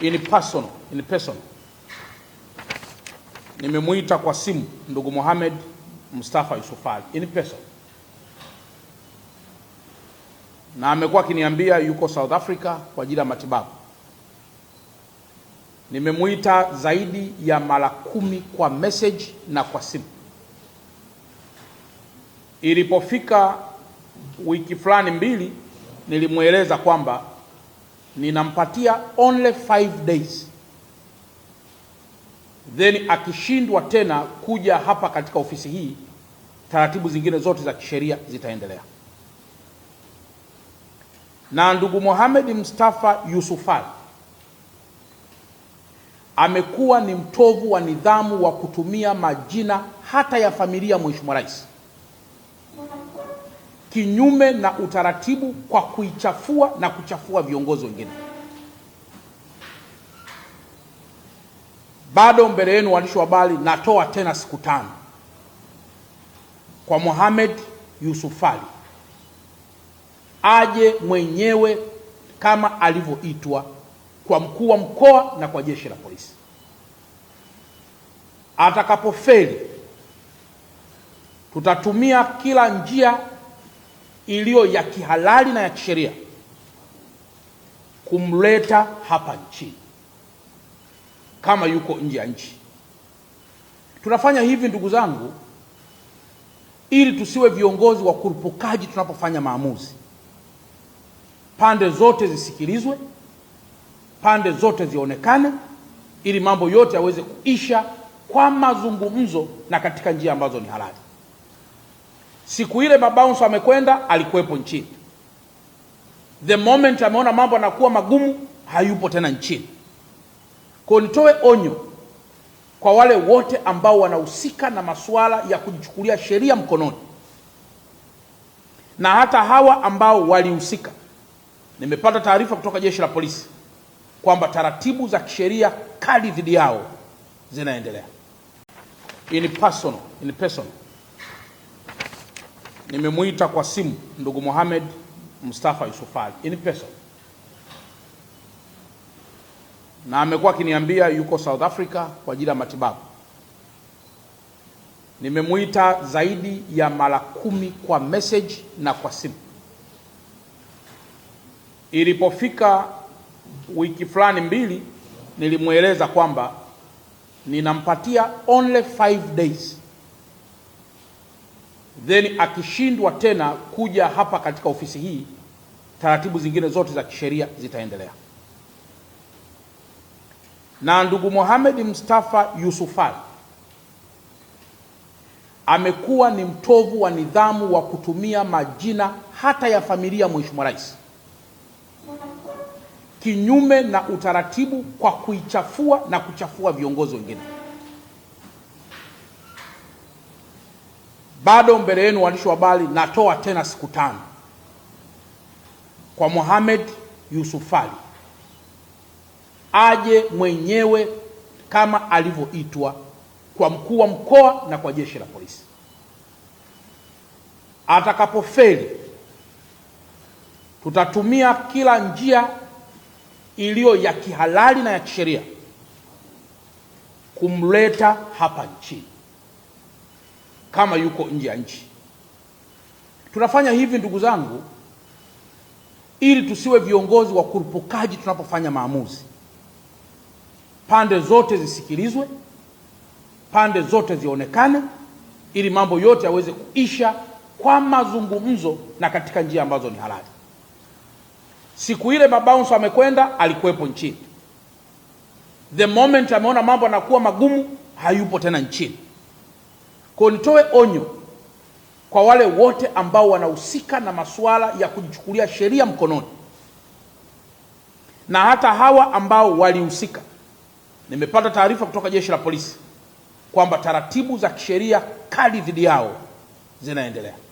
in person, in person. Nimemuita kwa simu ndugu Mohamed Mustafa Yusufali in person, na amekuwa akiniambia yuko South Africa kwa ajili ya matibabu. Nimemuita zaidi ya mara kumi kwa message na kwa simu. Ilipofika wiki fulani mbili, nilimweleza kwamba ninampatia only five days, then akishindwa tena kuja hapa katika ofisi hii, taratibu zingine zote za kisheria zitaendelea. Na ndugu Mohamed Mustafa Yusufali amekuwa ni mtovu wa nidhamu wa kutumia majina hata ya familia Mheshimiwa Rais kinyume na utaratibu kwa kuichafua na kuchafua viongozi wengine. Bado mbele yenu waandishi wa habari, natoa tena siku tano kwa Mohamed Yusuf Ali aje mwenyewe kama alivyoitwa kwa mkuu wa mkoa na kwa jeshi la polisi. Atakapofeli, tutatumia kila njia iliyo ya kihalali na ya kisheria kumleta hapa nchini kama yuko nje ya nchi. Tunafanya hivi ndugu zangu, ili tusiwe viongozi wa kurupukaji. Tunapofanya maamuzi, pande zote zisikilizwe, pande zote zionekane, ili mambo yote yaweze kuisha kwa mazungumzo na katika njia ambazo ni halali. Siku ile mabaunso amekwenda, alikuwepo nchini. The moment ameona mambo anakuwa magumu, hayupo tena nchini. Kwa nitoe onyo kwa wale wote ambao wanahusika na masuala ya kujichukulia sheria mkononi na hata hawa ambao walihusika. Nimepata taarifa kutoka jeshi la polisi kwamba taratibu za kisheria kali dhidi yao zinaendelea in personal, in personal Nimemwita kwa simu ndugu Mohamed Mustafa Yusufali in person, na amekuwa akiniambia yuko South Africa kwa ajili ya matibabu. Nimemwita zaidi ya mara kumi kwa message na kwa simu. Ilipofika wiki fulani mbili, nilimweleza kwamba ninampatia only five days then akishindwa tena kuja hapa katika ofisi hii, taratibu zingine zote za kisheria zitaendelea. Na ndugu Mohamed Mustafa Yusufali amekuwa ni mtovu wa nidhamu wa kutumia majina hata ya familia Mheshimiwa Rais, kinyume na utaratibu, kwa kuichafua na kuchafua viongozi wengine. bado mbele yenu waandishi wa habari, natoa tena siku tano kwa Mohamed Yusuf Ali aje mwenyewe kama alivyoitwa kwa mkuu wa mkoa na kwa jeshi la polisi. Atakapofeli, tutatumia kila njia iliyo ya kihalali na ya kisheria kumleta hapa nchini kama yuko nje ya nchi. Tunafanya hivi ndugu zangu, ili tusiwe viongozi wa kurupukaji. Tunapofanya maamuzi, pande zote zisikilizwe, pande zote zionekane, ili mambo yote yaweze kuisha kwa mazungumzo na katika njia ambazo ni halali. Siku ile Babaunso amekwenda, alikuwepo nchini. The moment ameona mambo anakuwa magumu, hayupo tena nchini. Kwa nitoe onyo kwa wale wote ambao wanahusika na masuala ya kujichukulia sheria mkononi na hata hawa ambao walihusika. Nimepata taarifa kutoka jeshi la polisi kwamba taratibu za kisheria kali dhidi yao zinaendelea.